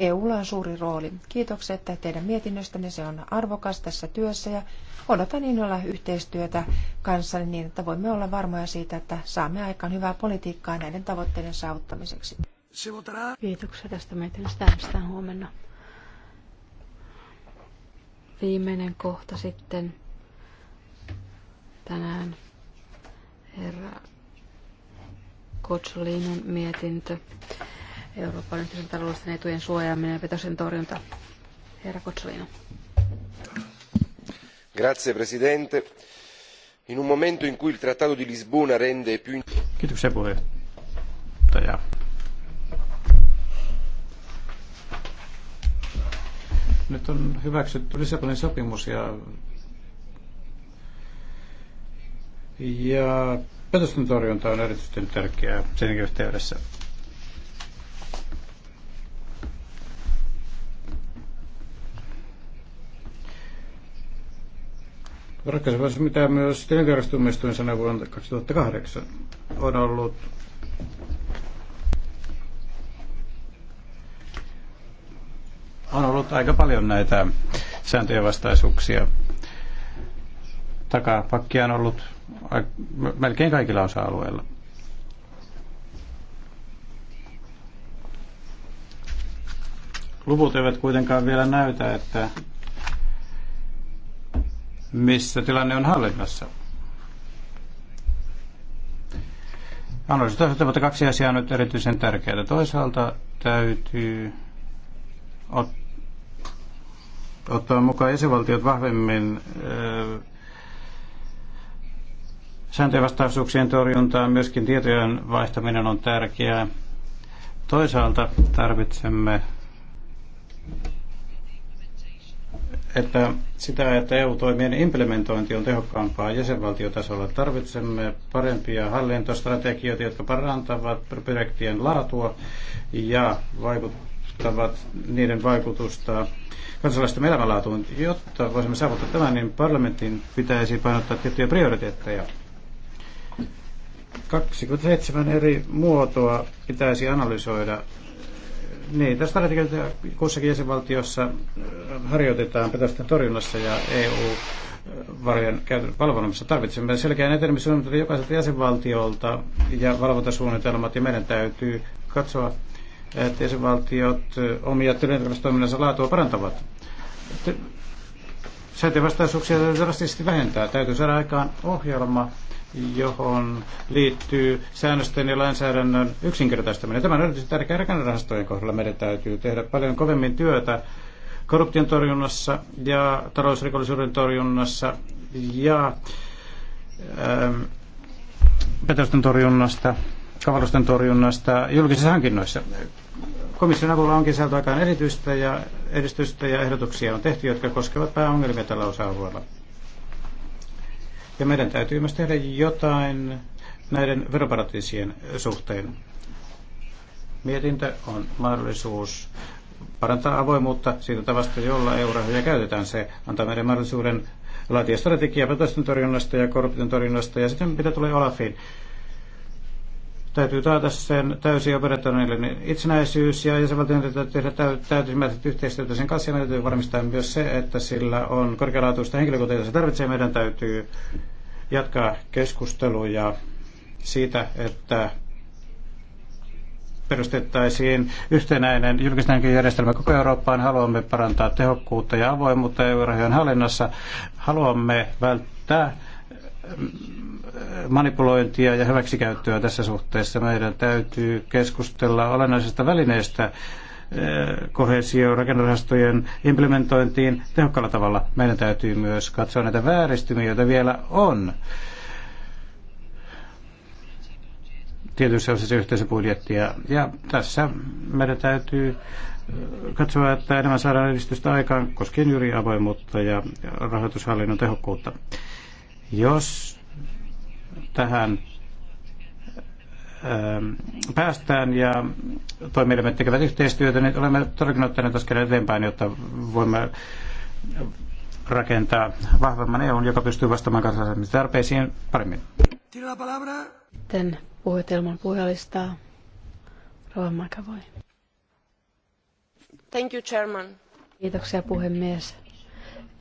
EUlla on suuri rooli. Kiitokset teidän mietinnöstänne, se on arvokas tässä työssä ja odotan olla yhteistyötä kanssani niin, että voimme olla varmoja siitä, että saamme aikaan hyvää politiikkaa näiden tavoitteiden saavuttamiseksi. Kiitoksia tästä mietinnöstä äänestetään huomenna. Viimeinen kohta sitten tänään herra Kotsolinen mietintö Euroopan yhteisön taloudellisten etujen suojaaminen ja petosen torjunta. Herra Kotsolino. Grazie Presidente. In un momento in cui il Trattato di Lisbona rende più... Kiitoksia puheenjohtaja. Nyt on hyväksytty Lissabonin sopimus ja, ja petosten torjunta on erityisesti tärkeää sen yhteydessä. ratkaisevassa, mitä myös tilintarkastumistuin sanoi vuonna 2008, on ollut on ollut aika paljon näitä sääntöjen vastaisuuksia. Takapakkia on ollut melkein kaikilla osa-alueilla. Luvut eivät kuitenkaan vielä näytä, että missä tilanne on hallinnassa. toisaalta, mutta kaksi asiaa nyt erityisen tärkeää. Toisaalta täytyy ot- ottaa mukaan jäsenvaltiot vahvemmin öö, sääntöjen torjuntaan. Myöskin tietojen vaihtaminen on tärkeää. Toisaalta tarvitsemme että sitä, että EU-toimien implementointi on tehokkaampaa jäsenvaltiotasolla. Tarvitsemme parempia hallintostrategioita, jotka parantavat projektien laatua ja vaikuttavat niiden vaikutusta kansalaisten elämänlaatuun. Jotta voisimme saavuttaa tämän, niin parlamentin pitäisi painottaa tiettyjä prioriteetteja. 27 eri muotoa pitäisi analysoida niin, niitä että kussakin jäsenvaltiossa äh, harjoitetaan petosten torjunnassa ja EU varojen käytön valvonnassa tarvitsemme selkeän etenemissuunnitelman jokaiselta jäsenvaltiolta ja valvontasuunnitelmat ja meidän täytyy katsoa, että jäsenvaltiot äh, omia työntarkastoiminnansa laatua parantavat. Sääntöjen vastaisuuksia drastisesti vähentää. Täytyy saada aikaan ohjelma, johon liittyy säännösten ja lainsäädännön yksinkertaistaminen. Tämä on erityisesti tärkeä rakennerahastojen kohdalla. Meidän täytyy tehdä paljon kovemmin työtä korruption torjunnassa ja talousrikollisuuden torjunnassa ja ähm, petosten torjunnasta, kavallusten torjunnasta julkisissa hankinnoissa. Komission avulla onkin saatu aikaan erityistä ja, edistystä ja ehdotuksia on tehty, jotka koskevat pääongelmia tällä osa-alueella. Ja meidän täytyy myös tehdä jotain näiden veroparatiisien suhteen. Mietintö on mahdollisuus parantaa avoimuutta siitä tavasta, jolla eurohoja käytetään. Se antaa meidän mahdollisuuden laatia strategiaa petosten torjunnasta ja korruption torjunnasta ja sitten mitä tulee Olafiin Täytyy taata sen täysi operationaalinen itsenäisyys ja jäsenvaltion täytyy tehdä täytymättä yhteistyötä sen kanssa ja täytyy varmistaa myös se, että sillä on korkealaatuista henkilökuntaa, jota se tarvitsee. Meidän täytyy jatkaa keskusteluja siitä, että perustettaisiin yhtenäinen julkisten järjestelmä koko Eurooppaan. Haluamme parantaa tehokkuutta ja avoimuutta EU-rahojen hallinnassa. Haluamme välttää manipulointia ja hyväksikäyttöä tässä suhteessa. Meidän täytyy keskustella olennaisesta välineestä eh, kohesio rakennerahastojen implementointiin tehokkaalla tavalla. Meidän täytyy myös katsoa näitä vääristymiä, joita vielä on tietyissä osissa yhteisöbudjettia. Ja tässä meidän täytyy eh, katsoa, että enemmän saadaan edistystä aikaan koskien juuri avoimuutta ja rahoitushallinnon tehokkuutta. Jos tähän ähm, päästään ja toimielimet tekevät yhteistyötä, niin olemme todellakin ottaneet askeleen eteenpäin, jotta voimme rakentaa vahvemman EUn, joka pystyy vastaamaan kansallisemmin tarpeisiin paremmin. Sitten puhutelman puhelista Rova Makavoi. Thank you, Chairman. Kiitoksia puhemies.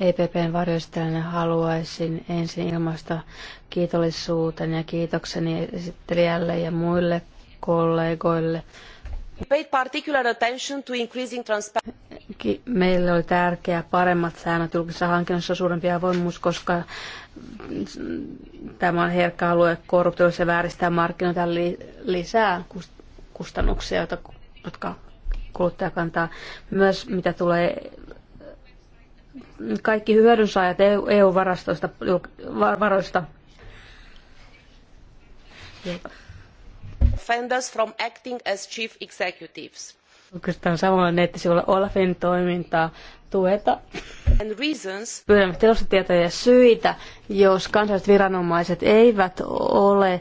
EPPn varjoistajana haluaisin ensin ilmaista kiitollisuuteni ja kiitokseni esittelijälle ja muille kollegoille. Meille oli tärkeää paremmat säännöt julkisessa hankinnassa suurempi avoimuus, koska tämä on herkkä alue korruptiolle, vääristää markkinoita lisää kustannuksia, jotka kuluttaja kantaa. Myös mitä tulee kaikki hyödynsaajat EU-varastoista, e varoista. Fenders from acting as chief executives. Oikeastaan samalla nettisivulla Olafin toimintaa tueta. And reasons. Pyydämme tilastotietoja syitä, jos kansalliset viranomaiset eivät ole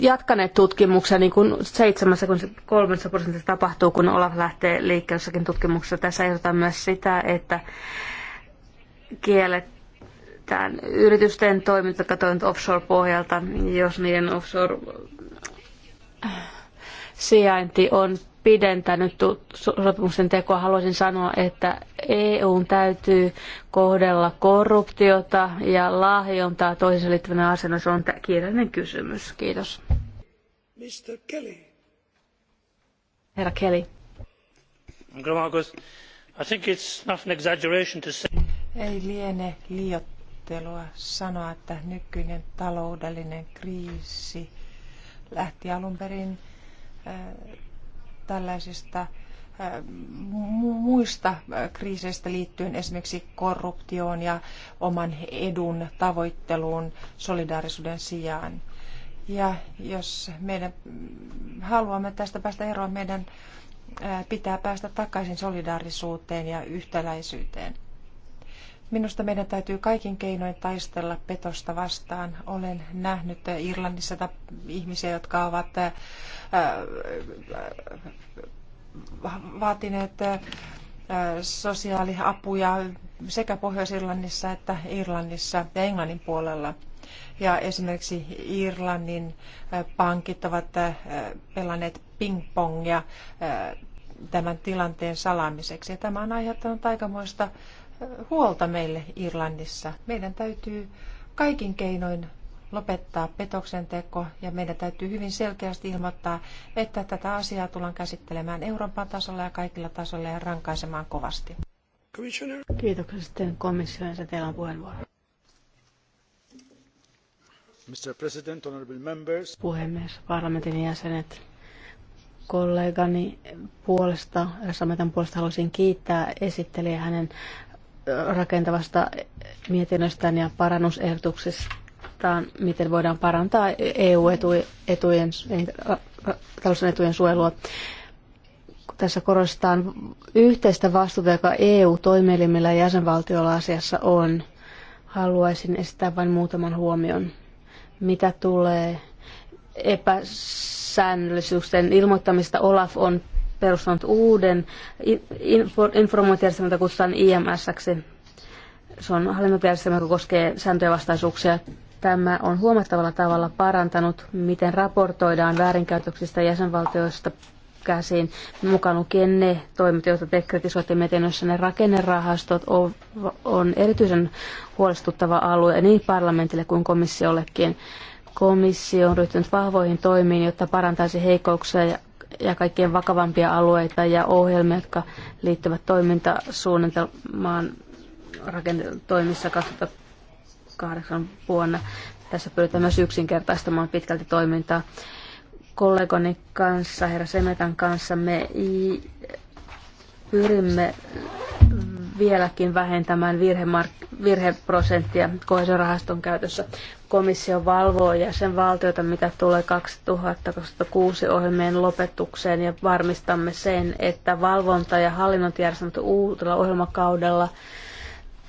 jatkaneet tutkimuksia, niin kuin 73 prosentissa tapahtuu, kun Olaf lähtee liikkeessäkin tutkimuksessa. Tässä ehdotetaan myös sitä, että kielletään yritysten toiminta, katoin offshore-pohjalta, jos niiden offshore sijainti on pidentänyt sopimuksen tekoa, haluaisin sanoa, että EUn täytyy kohdella korruptiota ja lahjontaa toisensa liittyvänä asena. Se on kiireinen kysymys. Kiitos. Mr. Kelly. Herra Kelly. I think it's not an exaggeration to say. Ei liene liiottelua sanoa, että nykyinen taloudellinen kriisi lähti alun perin äh, tällaisista muista kriiseistä liittyen esimerkiksi korruptioon ja oman edun tavoitteluun solidaarisuuden sijaan. Ja jos meidän haluamme tästä päästä eroon, meidän pitää päästä takaisin solidaarisuuteen ja yhtäläisyyteen. Minusta meidän täytyy kaikin keinoin taistella petosta vastaan. Olen nähnyt Irlannissa ihmisiä, jotka ovat äh, äh, vaatineet äh, sosiaaliapuja sekä Pohjois-Irlannissa että Irlannissa ja Englannin puolella. Ja esimerkiksi Irlannin pankit ovat pelanneet pingpongia tämän tilanteen salaamiseksi. Ja tämä on aiheuttanut aikamoista huolta meille Irlannissa. Meidän täytyy kaikin keinoin lopettaa petoksen teko ja meidän täytyy hyvin selkeästi ilmoittaa, että tätä asiaa tullaan käsittelemään Euroopan tasolla ja kaikilla tasolla ja rankaisemaan kovasti. Kiitoksia sitten komission ja teillä on puheenvuoro. Mr. President, honorable members. Puhemies, parlamentin jäsenet, kollegani puolesta, Sametan puolesta haluaisin kiittää esittelijä hänen rakentavasta mietinnöstään ja parannusehdotuksestaan, miten voidaan parantaa EU-etujen, talousetujen etujen suojelua. Tässä korostetaan yhteistä vastuuta, joka EU-toimielimillä ja jäsenvaltioilla asiassa on. Haluaisin esittää vain muutaman huomion. Mitä tulee epäsäännöllisyyksien ilmoittamista, Olaf on perustanut uuden informointijärjestelmän, jota kutsutaan -ksi. Se on hallinnointijärjestelmä, joka koskee sääntöjen vastaisuuksia. Tämä on huomattavalla tavalla parantanut, miten raportoidaan väärinkäytöksistä jäsenvaltioista käsiin, mukaan lukien ne toimet, joita te kritisoitte mietinnössä, ne rakennerahastot on, on erityisen huolestuttava alue niin parlamentille kuin komissiollekin. Komissio on ryhtynyt vahvoihin toimiin, jotta parantaisi heikkouksia ja ja kaikkien vakavampia alueita ja ohjelmia, jotka liittyvät toimintasuunnitelmaan rakennetoimissa 2008 vuonna. Tässä pyritään myös yksinkertaistamaan pitkälti toimintaa. Kollegoni kanssa, herra Semetan kanssa, me pyrimme vieläkin vähentämään virhemark- virheprosenttia kohdisen käytössä. Komissio valvoo jäsenvaltioita, mitä tulee 2006 ohjelmien lopetukseen ja varmistamme sen, että valvonta ja hallinnointijärjestelmät uudella ohjelmakaudella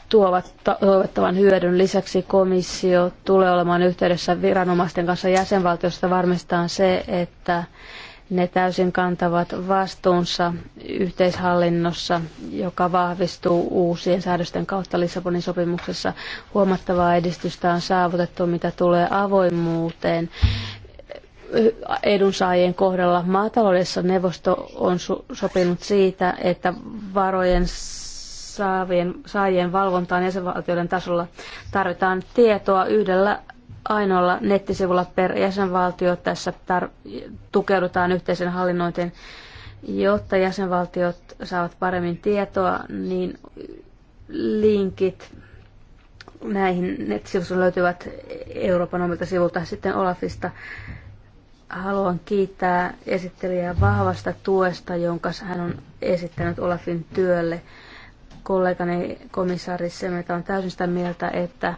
tuovat toivottavan hyödyn. Lisäksi komissio tulee olemaan yhteydessä viranomaisten kanssa jäsenvaltiosta varmistaa se, että ne täysin kantavat vastuunsa yhteishallinnossa, joka vahvistuu uusien säädösten kautta Lissabonin sopimuksessa. Huomattavaa edistystä on saavutettu, mitä tulee avoimuuteen edunsaajien kohdalla. Maataloudessa neuvosto on sopinut siitä, että varojen saavien, saajien valvontaan jäsenvaltioiden tasolla tarvitaan tietoa yhdellä ainoalla nettisivulla per jäsenvaltio. Tässä tar- tukeudutaan yhteisen hallinnointiin, jotta jäsenvaltiot saavat paremmin tietoa, niin linkit näihin nettisivustoihin löytyvät Euroopan omilta sivulta sitten Olafista. Haluan kiittää esittelijää vahvasta tuesta, jonka hän on esittänyt Olafin työlle. Kollegani komissaari Semeta on täysin sitä mieltä, että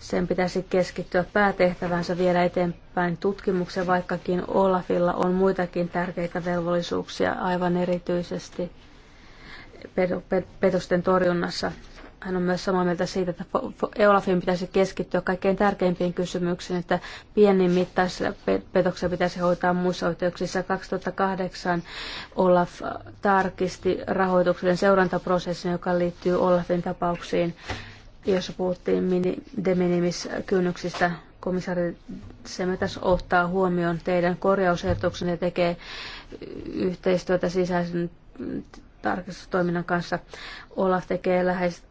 sen pitäisi keskittyä päätehtävänsä vielä eteenpäin tutkimuksen, vaikkakin Olafilla on muitakin tärkeitä velvollisuuksia, aivan erityisesti petosten torjunnassa. Hän on myös samaa mieltä siitä, että Olafin pitäisi keskittyä kaikkein tärkeimpiin kysymyksiin, että pienin mittaisia petoksia pitäisi hoitaa muissa oikeuksissa. 2008 Olaf tarkisti rahoituksen seurantaprosessin, joka liittyy Olafin tapauksiin jossa puhuttiin de minimis-kynnyksistä. Komissaari Semetas ottaa huomioon teidän korjausehdotuksenne ja tekee yhteistyötä sisäisen tarkastustoiminnan kanssa. Olaf tekee läheistä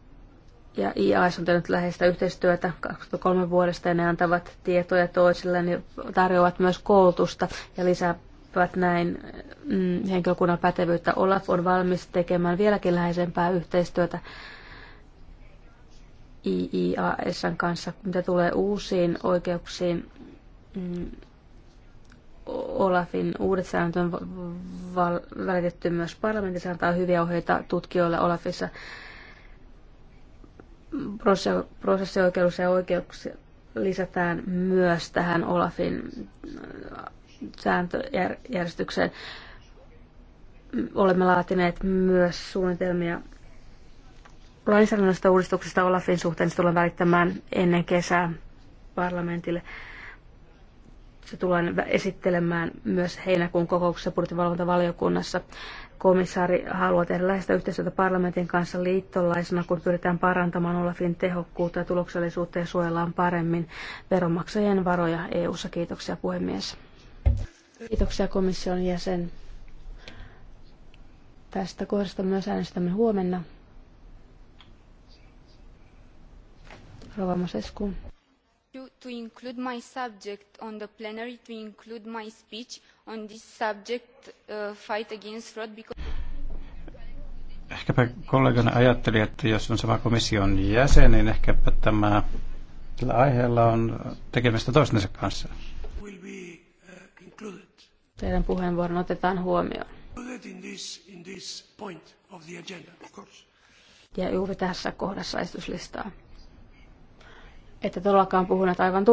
ja IAS on tehnyt läheistä yhteistyötä 23 vuodesta ja ne antavat tietoja toisille niin tarjoavat myös koulutusta ja lisäävät näin mm, henkilökunnan pätevyyttä. Olaf on valmis tekemään vieläkin läheisempää yhteistyötä IIASn kanssa, mitä tulee uusiin oikeuksiin. Mm, Olafin uudet säännöt on välitetty myös parlamentissa, antaa hyviä ohjeita tutkijoille Olafissa prosessioikeudessa ja oikeuksia lisätään myös tähän Olafin äh, sääntöjärjestykseen. Olemme laatineet myös suunnitelmia lainsäädännöstä uudistuksesta Olafin suhteen se tulee välittämään ennen kesää parlamentille. Se tullaan esittelemään myös heinäkuun kokouksessa budjettivalvontavaliokunnassa. Komissaari haluaa tehdä läheistä yhteistyötä parlamentin kanssa liittolaisena, kun pyritään parantamaan Olafin tehokkuutta ja tuloksellisuutta ja suojellaan paremmin veronmaksajien varoja EU-ssa. Kiitoksia puhemies. Kiitoksia komission jäsen. Tästä kohdasta myös äänestämme huomenna. To include my subject on the plenary, to include my speech on this subject, uh, fight against fraud, because ehkäpä kollegana ajatteli, että jos on sama komission jäsen, niin ehkäpä tämä tällä aiheella on tekemistä toistensa kanssa. Uh, Teidän puheenvuoron otetaan huomioon. Ja juuri tässä kohdassa esityslistaa että todellakaan puhunut aivan